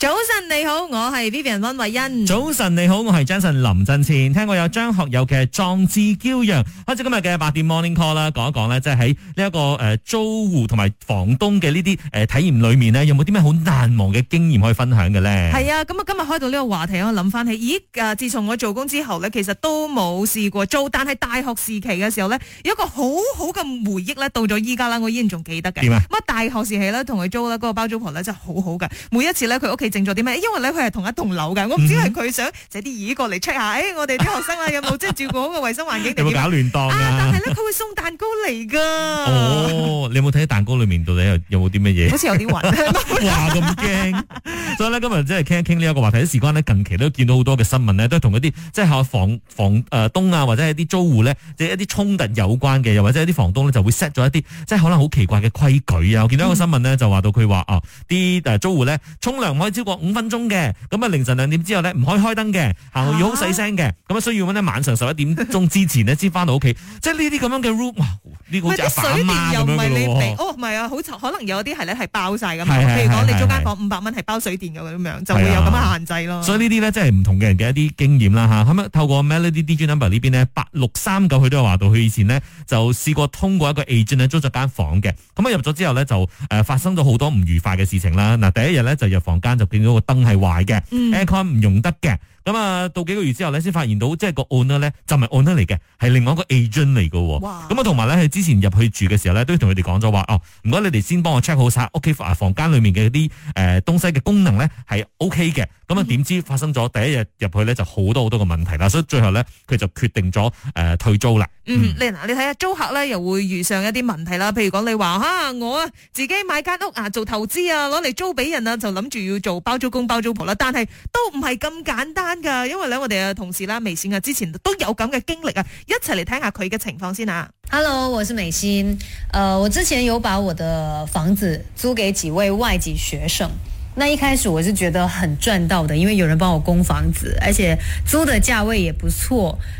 早晨你好，我係 Vivian 溫慧欣。早晨你好，我係 Jason 林振前。聽過有張學友嘅《壯志驕陽》，開始今日嘅八點 Morning Call 啦，講一講呢，即係喺呢一個誒租戶同埋房東嘅呢啲誒體驗裏面呢，有冇啲咩好難忘嘅經驗可以分享嘅咧？係啊，咁啊，今日開到呢個話題，我諗翻起，咦，自從我做工之後呢，其實都冇試過做，但係大學時期嘅時候呢，有一個很好好嘅回憶呢。到咗依家啦，我依然仲記得嘅。點樣？乜大學時期呢，同佢租咧，嗰個包租婆咧，真係好好㗎。每一次呢，佢屋企。整咗啲咩？因為咧佢係同一棟樓嘅，我唔知係佢想借啲椅過嚟 check 下。Mm hmm. 哎、我哋啲學生啊，有冇即係照顧好個衛生環境？點會搞亂檔啊？但係咧，佢會送蛋糕嚟噶。哦，oh, 你有冇睇蛋糕裏面到底有冇啲乜嘢？ 好似有啲雲。 話咁驚， 所以咧今日即係傾一傾呢一個話題，事關近期都見到好多嘅新聞咧，都同一啲即係房房誒東啊，或者係啲租戶呢，即、就、係、是、一啲衝突有關嘅，又或者係啲房東咧就會 set 咗一啲即係可能好奇怪嘅規矩啊。我見到一個新聞、mm hmm. 哦、呢，就話到佢話啊，啲誒租戶咧沖涼開超過五分鐘嘅，咁啊凌晨兩點之後呢，唔可以開燈嘅，又、啊，要好細聲嘅，咁啊需要搵咧晚上十一點鐘之前呢，先返到屋企，即係呢啲咁樣嘅 r o o m 呢個就反碼咁樣咯。水電又唔係你哋，哦唔係啊，好慘，可能有啲係呢，係包晒㗎嘛。譬如講你租間房五百蚊係包水電，咁樣就會有咁樣限制囉。所以呢啲呢，即係唔同嘅人嘅一啲經驗啦吓。咁啊透過 melody dj number 呢邊呢，八六三九佢都有話到，佢以前呢，就試過通過一個 agent 租咗間房嘅，咁啊入咗之後呢，就誒發生咗好多唔愉快嘅事情啦。嗱第一日咧就入房間見到個燈係壞嘅，aircon 唔用得嘅，咁啊到幾個月之後咧，先發現到即係個 owner 咧就唔係 owner 嚟嘅，係另外一個 agent 嚟嘅。哇！咁啊同埋咧，佢之前入去住嘅時候咧，都同佢哋講咗話，哦，唔該你哋先幫我 check 好晒屋企房間裏面嘅啲誒東西嘅功能咧係 ok 嘅。咁啊點知發生咗第一日入去咧就好多好多嘅問題啦，所以最後咧佢就決定咗誒、呃、退租啦。嗯，你嗱你睇下租客咧又會遇上一啲問題啦，譬如講你話吓我啊自己買間屋啊做投資啊，攞嚟租俾人啊，就諗住要做。包租公包租婆啦，但係都唔係咁簡單噶，因為咧我哋嘅同事啦、啊，美心啊，之前都有咁嘅經歷啊，一齊嚟睇下佢嘅情況先吓、啊。Hello，我是美心，uh, 我之前有把我的房子租給幾位外籍學生，那一開始我是覺得很賺到的，因為有人幫我供房子，而且租的價位也不錯。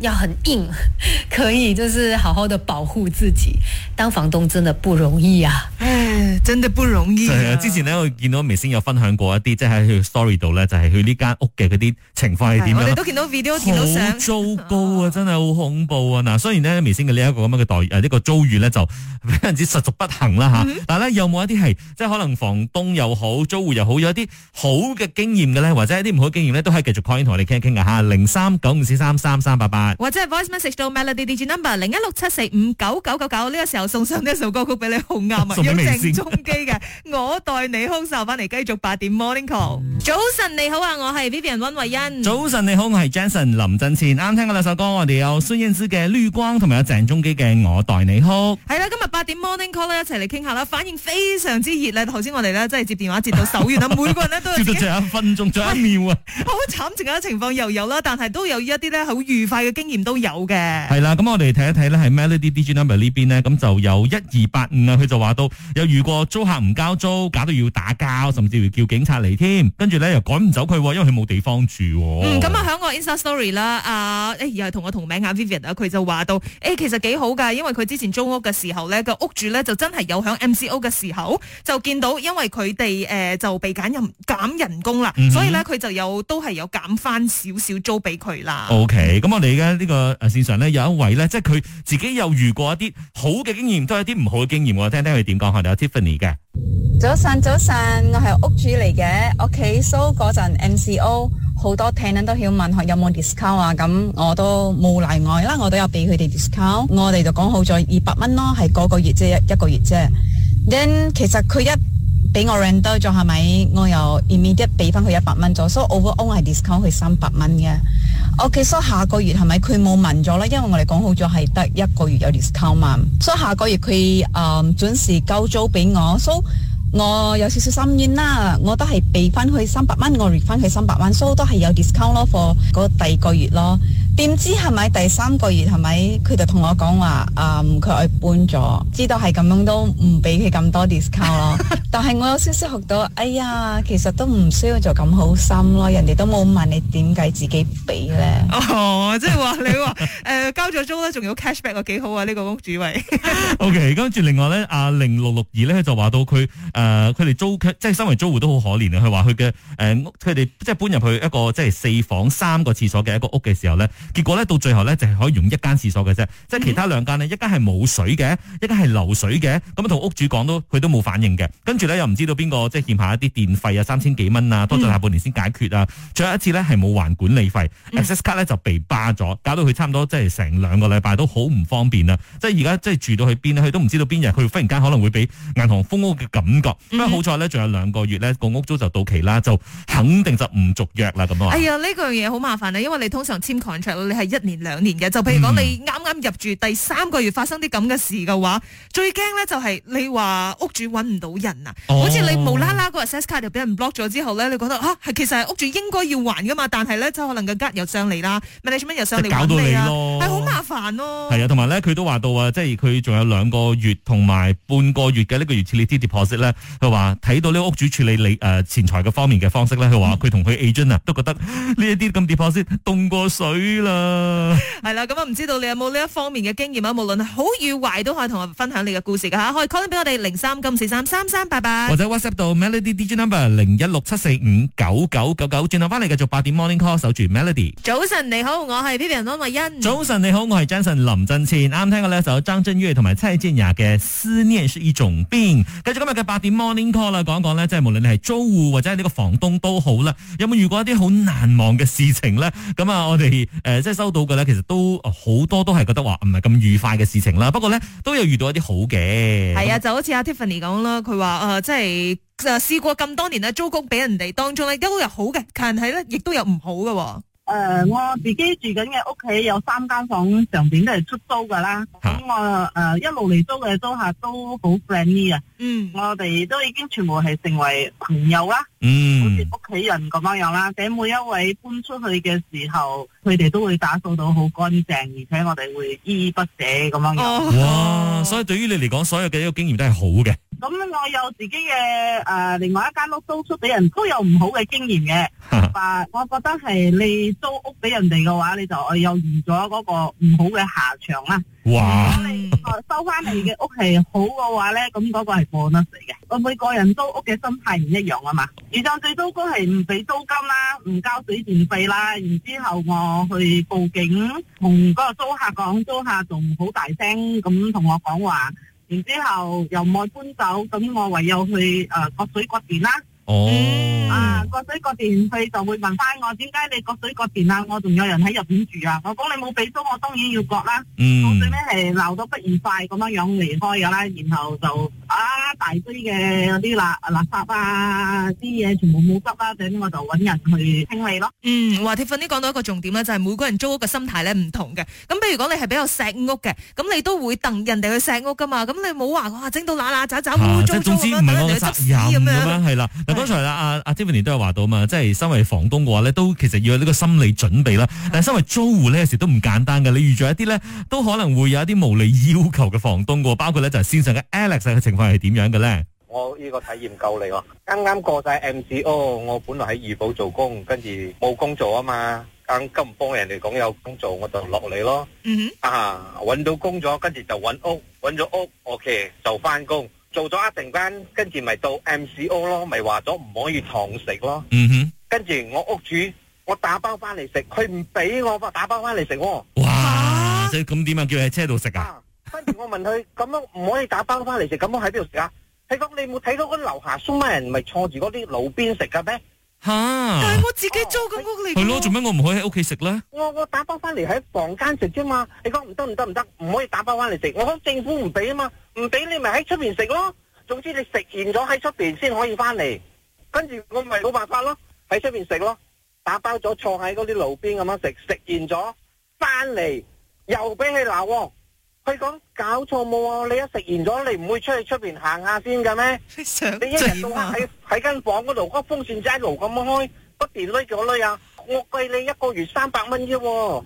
要很硬，可以就是好好的保護自己。當房東真的不容易啊，唉，真的不容易。之前最咧我見到眉星有分享過一啲，即係去 story 度咧，就係去呢間屋嘅啲情況係點樣。我哋都見到 video，見到相。好糟糕啊，真係好恐怖啊！嗱，雖然咧眉星嘅呢一個咁樣嘅待遇呢個遭遇咧就非常之實屬不幸啦吓。但係咧有冇一啲係即係可能房東又好，租戶又好，有一啲好嘅經驗嘅咧，或者一啲唔好經驗咧，都可以繼續 call in 同我哋傾一傾噶吓。零三九五四三三三八八。或者係 voice message 到 melody digit number 零一六七四五九九九九，呢個時候送上呢一首歌曲俾你好啱啊！有鄭中基嘅《我代你哭》收翻嚟，繼續八點 morning call。早晨你好啊，我係 Vivian 溫慧欣。早晨你好，我係 Jason 林振前。啱聽過兩首歌，我哋有孫燕姿嘅《綠光》同埋有鄭中基嘅《我代你哭》。係啦，今日八點 morning call 咧，一齊嚟傾下啦，反應非常之熱咧。頭先我哋咧即係接電話接到手軟啦， 每個人咧都係。仲有一分鐘，仲有一秒啊！好、啊、慘，情況又有啦，但係都有一啲咧好愉快嘅。經驗都有嘅，係啦，咁我哋睇一睇咧，係 Melody D J Number 呢邊咧，咁就有一二八五啊，佢就話到有遇過租客唔交租，搞到要打交，甚至乎叫警察嚟添，跟住咧又趕唔走佢，因為佢冇地方住。嗯，咁啊喺個 insta story 啦，啊，誒又係同我同名阿 Vivian，佢就話到，誒其實幾好㗎，因為佢之前租屋嘅時候咧，個屋主咧就真係有喺 M C O 嘅時候就見到，因為佢哋誒就被減人減人工啦，所以咧佢就有都係有減翻少少租俾佢啦。O K，咁我哋嘅。呢個誒線上咧有一位咧，即係佢自己又遇過一啲好嘅經驗，都係一啲唔好嘅經驗。我聽聽佢點講，我哋有 Tiffany 嘅。早晨，早晨，我係屋主嚟嘅。屋企 so 嗰陣，MCO 好多 tenant 都要問，有冇 discount 啊？咁我都冇例外啦，我都有俾佢哋 discount。我哋就講好咗二百蚊咯，係個個月即係一個月啫。Then 其實佢一俾我 render 咗，係咪我又 immediate 俾翻佢一百蚊咗，so overall 係 discount 佢三百蚊嘅。Ok，so 下個月係咪佢冇問咗啦？因為我哋講好咗係得一個月有 discount 嘛。所以下個月佢誒、um, 準時交租俾我，so 我有少少心軟啦。我都係俾翻佢三百蚊，我入翻去三百蚊，so 都係有 discount 咯，for 嗰第二個月咯。點知係咪第三個月係咪佢就同我講話啊？佢、嗯、去搬咗，知道係咁樣都唔俾佢咁多 discount 咯。 但係我有少少學到，哎呀，其實都唔需要做咁好心咯。人哋都冇問你點解自己俾咧。哦，即係話你話誒、 呃，交咗租咧，仲要 cashback 啊，幾好啊！呢、呢個屋主位。 OK，跟住另外咧，阿零六六二咧就話到佢誒，佢、呃、哋租即係身為租戶都好可憐。佢話佢嘅誒，佢哋即係搬入去一個即係四房三個廁所嘅一個屋嘅時候咧。結果呢，到最後呢，就係、是、可以用一間廁所嘅啫，即係其他兩間呢，一間係冇水嘅，一間係流水嘅，咁同屋主講都佢都冇反應嘅，跟住呢，又唔知道邊個即係欠下一啲電費啊三千幾蚊啊，多咗下半年先解決啊，嗯、最後一次呢，係冇還管理費、嗯、Access 卡呢就被霸咗，搞到佢差唔多即係成兩個禮拜都好唔方便啊！即係而家即係住到去邊呢，佢都唔知道邊日佢忽然間可能會俾銀行封屋嘅感覺，咁、嗯、好在呢，仲有兩個月呢，個屋租就到期啦，就肯定就唔續約啦咁，哎呀呢樣嘢好麻煩啊，因為你通常簽你係一年兩年嘅，就譬如講你。啱入住第三個月發生啲咁嘅事嘅話，最驚咧就係你話屋主揾唔到人啊，好似、oh, 你無啦啦嗰個 S 卡就俾人 block 咗之後咧，你覺得啊其實屋主應該要還噶嘛？但係咧就可能個 guard 又上嚟啦，咪你做咩又上嚟？搞到你咯，係好麻煩咯。係啊，同埋呢，佢都話到啊，即係佢仲有兩個月同埋半個月嘅呢個月處理啲 deposit 咧，佢話睇到呢屋主處理你誒、呃、錢財嘅方面嘅方式咧，佢話佢同佢 agent 啊都覺得呢一啲咁 deposit 凍過水啦。係啦， 咁啊唔知道你有冇？一方面嘅經驗啊，無論係好與壞，都可以同我分享你嘅故事噶吓，可以 call 翻俾我哋零三九四三三三八八，或者 WhatsApp 到 Melody D J number 零一六七四五九九九九，轉頭翻嚟繼續八點 Morning Call，守住 Melody。早晨你好，我係 Peter 安慧欣。早晨你好，我係 Jason 林振賢。啱聽過呢首張震岳同埋蔡健雅嘅《思念是一種病》。繼續今日嘅八點 Morning Call 啦，講講咧即係無論你係租戶或者係呢個房東都好啦，有冇遇過一啲好難忘嘅事情咧？咁啊，我哋誒即係收到嘅咧，其實都好多都係。覺得話唔係咁愉快嘅事情啦，不過咧都有遇到一啲好嘅，係啊的，樣就好似阿 Tiffany 講啦，佢話誒，即係誒試過咁多年啊，租屋俾人哋當中咧，都有好嘅，但係咧亦都有唔好嘅。誒、呃，我自己住緊嘅屋企有三間房，上邊都係出租噶啦。咁我誒一路嚟租嘅租客都好 friendly 啊。嗯，我哋都已經全部係成為朋友啦。嗯，好似屋企人咁樣樣啦。畀每一位搬出去嘅時候，佢哋都會打掃到好乾淨，而且我哋會依依不捨咁樣樣。哇！所以對於你嚟講，所有嘅一個經驗都係好嘅。咁我有自己嘅誒、呃，另外一間屋租出俾人都有唔好嘅經驗嘅，啊， 我覺得係你租屋俾人哋嘅話，你就又預咗嗰個唔好嘅下場啦。哇！ 收翻嚟嘅屋係好嘅話咧，咁嗰個係個案嚟嘅。我每個人租屋嘅心態唔一樣啊嘛。以上最多都係唔俾租金啦，唔交水電費啦，然之後我去報警，同嗰個租客講，租客仲好大聲咁同我講話。然後又冇搬走，咁我唯有去誒、呃、割水割電啦。哦，啊，割水割電佢就會問翻我，點解你割水割電啊？我仲有人喺入邊住啊！我講，你冇俾租，我當然要割啦。我最尾係鬧到不愉快咁樣樣離開噶啦，然後就啊，大堆嘅嗰啲垃垃圾啊，啲嘢全部冇執啦，最尾我就揾人去清理咯。嗯，話鐵粉啲講到一個重點咧，就係每個人租屋嘅心態咧唔同嘅。咁譬如講你係比較石屋嘅，咁你都會等人哋去石屋噶嘛？咁你冇話哇，整到嗱嗱喳喳污污糟糟咁樣，垃圾咁樣係啦。剛才啦，阿阿 Stephen 都有話到嘛，即係身為房東嘅話咧，都其實要有呢個心理準備啦。但係身為租戶咧，有時候都唔簡單嘅。你遇咗一啲咧，都可能會有一啲無理要求嘅房東嘅，包括咧就係先生嘅 Alex 嘅情況係點樣嘅咧？我呢個體驗夠你喎，啱啱過晒 MCO，我本來喺怡保做工，跟住冇工做啊嘛，啱今幫人哋講有工做，我就落嚟咯。嗯哼啊，搵到工咗，跟住就搵屋，搵咗屋，OK，就翻工。做咗一定班，跟住咪到 MCO 咯，咪話咗唔可以堂食咯。嗯哼，跟住我屋主，我打包翻嚟食，佢唔俾我話打包翻嚟食。哇！啊、所以咁點樣，樣叫喺車度食啊？跟住、啊、我問佢咁 樣唔可以打包翻嚟食，咁我喺邊度食啊？佢講，你冇睇到嗰樓下蘇媽人咪坐住嗰啲路邊食噶咩？吓！但係、啊、我自己租個屋嚟，係咯、啊？做咩我唔可以喺屋企食咧？我我打包翻嚟喺房間食啫嘛？你講唔得唔得唔得，唔可以打包翻嚟食。我講政府唔俾啊嘛，唔俾你咪喺出邊食咯。總之你食完咗喺出邊先可以翻嚟，跟住我咪冇辦法咯，喺出邊食咯，打包咗坐喺嗰啲路邊咁樣食，食完咗翻嚟又俾你鬧。佢講搞錯冇啊！你一食完咗，你唔會出去出邊行下先嘅咩？你，你一日到黑喺喺間房嗰度，個風扇齋爐咁開，不斷擂咗擂啊！我計你一個月三百蚊啫，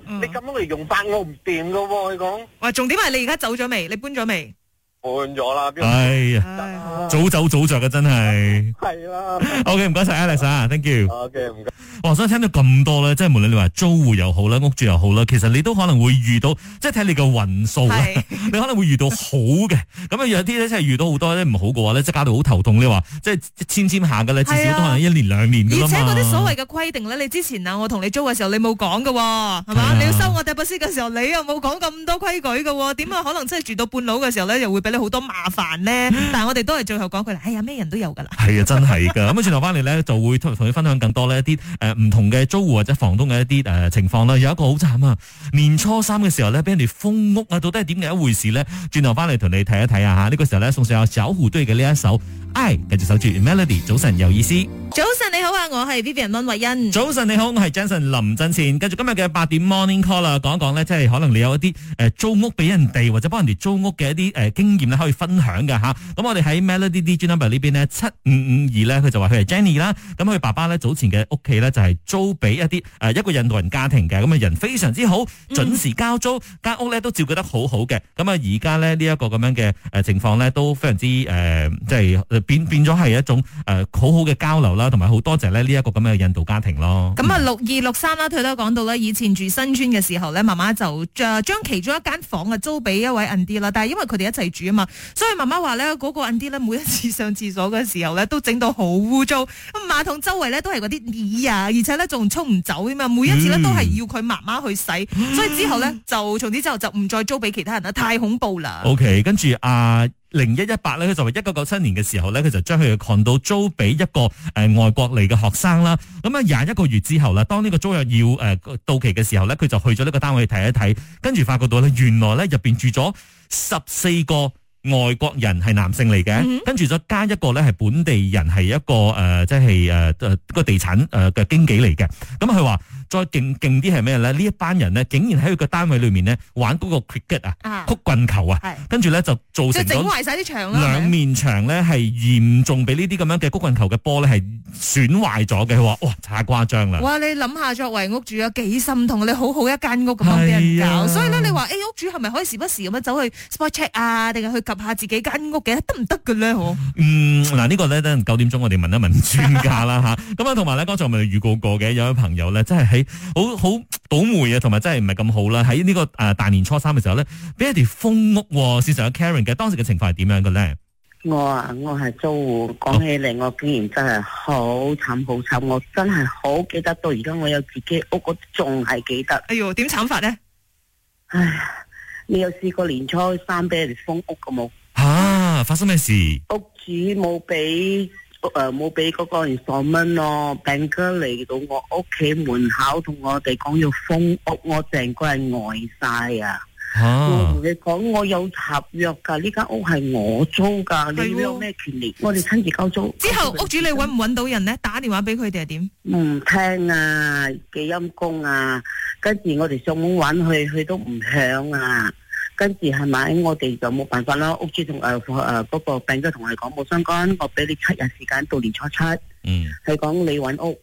嗯、你咁樣嚟用法我唔掂噶喎！佢講，喂，重點係你而家走咗未？你搬咗未？換咗啦，哎呀，唉啊、早走早着嘅真係，係啦、啊。O K，唔該晒 Alex，Thank you。O K，唔該。哇，我想聽到咁多咧，即係無論你話租戶又好啦，屋住又好啦，其實你都可能會遇到，即係睇你嘅運數啦。是 你可能會遇到好嘅，咁啊 有啲咧即係遇到好多呢唔好嘅話呢，即係搞到好頭痛話。你話即係簽簽下嘅呢，至少都可能一年兩年、啊。而且嗰啲所謂嘅規定咧，你之前你你啊，我同你租嘅時候你冇講嘅係嘛？你要收我第一步先嘅時候，你又冇講咁多規矩嘅，點啊可能真係住到半路嘅時候咧，嗯、又會俾。你好多麻煩咧，但係我哋都係最後講句啦，哎呀，咩人都有噶啦，係啊，真係噶。咁啊，轉頭翻嚟咧，就會同你分享更多呢一啲誒唔同嘅租戶或者房東嘅一啲誒情況啦。有一個好慘啊，年初三嘅時候咧，俾人哋封屋啊，到底係點嘅一回事呢？轉頭翻嚟同你睇一睇啊吓，呢、這個時候咧，送上有小虎隊嘅呢一首《I》，繼續守住 Melody。早晨有意思，早晨你好啊，我係 Vivian 溫慧欣。早晨你好，我係 Jason 林振善。繼續今日嘅八點 Morning Call 啦，講一講呢，即係可能你有一啲誒租屋俾人哋，或者幫人哋租屋嘅一啲誒經。可以分享嘅吓，咁我哋喺 Melody D Number 呢邊咧七五五二呢，佢就話佢係 Jenny 啦。咁佢爸爸呢，早前嘅屋企呢，就係、是、租俾一啲、呃、一個印度人家庭嘅，咁啊人非常之好，準時交租，間、嗯、屋呢都照顧得好好嘅。咁啊而家呢，呢、這、一個咁樣嘅誒情況呢，都非常之誒，即、呃、係、就是、變咗係一種誒、呃、好好嘅交流啦，同埋好多謝呢一個咁樣嘅印度家庭咯。咁啊六二六三啦，佢都講到啦，以前住新村嘅時候呢，媽媽就將其中一間房啊租俾一位印度啦，但係因為佢哋一齊住。嘛，所以媽媽話咧，嗰、那個人 n d 咧，每一次上廁所嘅時候咧，都整到好污糟，咁馬桶周圍咧都係嗰啲屎啊，而且咧仲沖唔走啊嘛，每一次咧都係要佢媽媽去洗，嗯、所以之後咧就從此之後就唔再租俾其他人啦，太恐怖啦。OK，跟住阿零一一八咧，佢、呃、就話一九九七年嘅時候咧，佢就將佢嘅 condo 租俾一個、呃、外國嚟嘅學生啦。咁啊廿一個月之後啦，當呢個租約要、呃、到期嘅時候咧，佢就去咗呢個單位睇一睇，跟住發覺到咧，原來咧入邊住咗十四個。外國人係男性嚟嘅，跟住、嗯、哼再加一個咧係本地人，係一個誒、呃，即係誒個地產誒嘅、呃、經紀嚟嘅。咁佢話再勁勁啲係咩咧？呢一班人呢竟然喺佢個單位裏面呢玩嗰個 cricket 啊，曲棍球啊，跟住咧就造成咗兩面牆咧係嚴重俾呢啲咁樣嘅曲棍球嘅波咧係損壞咗嘅。佢話哇，太誇張啦！哇，你諗下作為屋主有、啊、幾心痛？你好好一間屋咁樣俾人搞，啊、所以咧你話誒、欸、屋主係咪可以時不時咁樣走去 spot check 啊，定係去？及下自己間屋嘅，得唔得嘅咧？好，嗯，嗱、這個、呢個咧，等九點鐘我哋問一問專家啦吓。咁啊， 同埋咧剛才我哋預告過嘅，有位朋友咧，真係喺好好倒霉啊，同埋真係唔係咁好啦。喺呢個誒大年初三嘅時候咧，俾人哋封屋。現場嘅 Karen 嘅當時嘅情況係點樣嘅咧？我啊，我係租戶。講起嚟，我竟然真係好慘好慘，我真係好記得到而家，我有自己的屋嗰仲係記得。哎喲，點慘法咧？唉。你有試過年初三俾人哋封屋㗎冇？吓，發生咩事？屋主冇俾，誒冇俾嗰個人鎖門咯。炳哥嚟到我屋企門口，同我哋講要封屋，我成個人呆晒啊！我同你講，我有合約噶，呢間屋係我租噶，你有咩權利？我哋親自交租。之後屋主你搵唔搵到人咧？打電話俾佢哋係點？唔聽啊，幾陰公啊！跟住我哋上門搵佢，佢都唔響啊！跟住係咪？我哋就冇辦法啦。屋主同誒誒個病都同我講冇相干，我俾你七日時間，到年初七。嗯，係講你搵屋，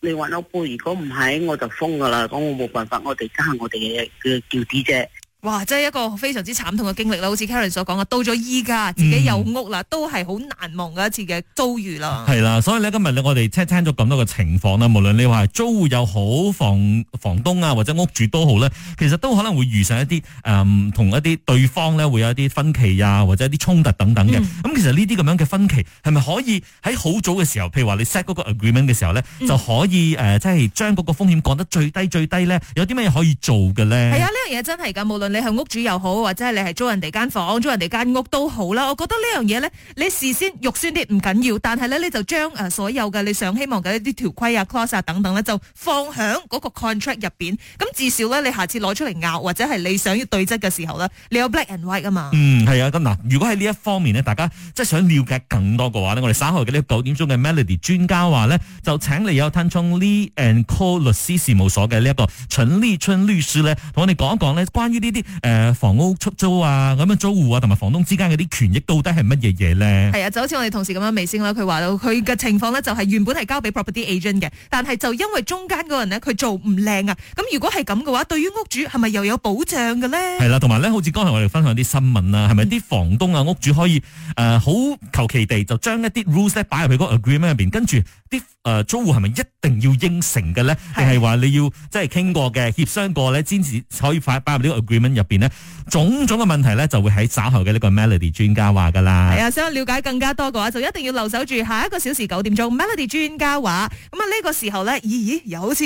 你搵屋背。如果唔係，我就封噶啦。咁我冇辦法，我哋加下我哋嘅嘅叫啲啫。哇，真係一個非常之慘痛嘅經歷啦，好似 Karen 所講嘅，到咗依家自己有屋啦，嗯、都係好難忘嘅一次嘅遭遇啦。係啦，所以咧今日咧我哋聽聽咗咁多嘅情況啦，無論你話租戶又好，房房東啊或者屋主都好咧，其實都可能會遇上一啲誒同一啲對方咧會有一啲分歧啊或者一啲衝突等等嘅。咁、嗯、其實呢啲咁樣嘅分歧係咪可以喺好早嘅時候，譬如話你 set 嗰個 agreement 嘅時候咧，嗯、就可以誒、呃、即係將嗰個風險降得最低最低咧？有啲咩可以做嘅咧？係啊，呢樣嘢真係噶，無論。你係屋主又好，或者係你係租人哋間房，租人哋間屋都好啦。我覺得呢樣嘢咧，你事先肉酸啲唔緊要，但係咧，你就將誒所有嘅你想希望嘅一啲條規啊、clause 啊等等咧，就放響個 contract 入邊。咁至少咧，你下次攞出嚟拗，或者係你想要對質嘅時候咧，你有 black and white 啊嘛。嗯，係啊，咁嗱，如果喺呢一方面咧，大家即係想了解更多嘅話咧，我哋稍後嘅呢九點鐘嘅 Melody 專家話咧，就請你有吞充 Lee and Co 律師事務所嘅呢一個陳立春律師咧，同我哋講一講咧，關於呢啲。誒、呃，房屋出租啊，咁樣租戶啊，同埋房東之間嗰啲權益到底係乜嘢嘢咧？係啊，就好似我哋同事咁樣微，微先啦。佢話到佢嘅情況咧，就係原本係交俾 property agent 嘅，但係就因為中間嗰人咧，佢做唔靚啊。咁如果係咁嘅話，對於屋主係咪又有保障嘅咧？係啦，啊，同埋咧，好似剛才我哋分享啲新聞啊，係咪啲房東啊，嗯、屋主可以誒好求其地就將一啲 rules 呢擺入去個 agreement 入邊，跟住啲。誒、呃，租戶係咪一定要應承嘅咧？定係話你要即係傾過嘅協商過咧，先至可以快加入呢個 agreement 入邊咧？種種嘅問題咧，就會喺稍後嘅呢個 Melody 專家話噶啦。係啊，想了解更加多嘅話，就一定要留守住下一個小時九點鐘 Melody 專家話。咁啊，呢個時候咧，咦，咦？又好似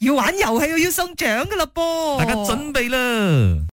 要玩遊戲又要送獎嘅啦噃。大家準備啦！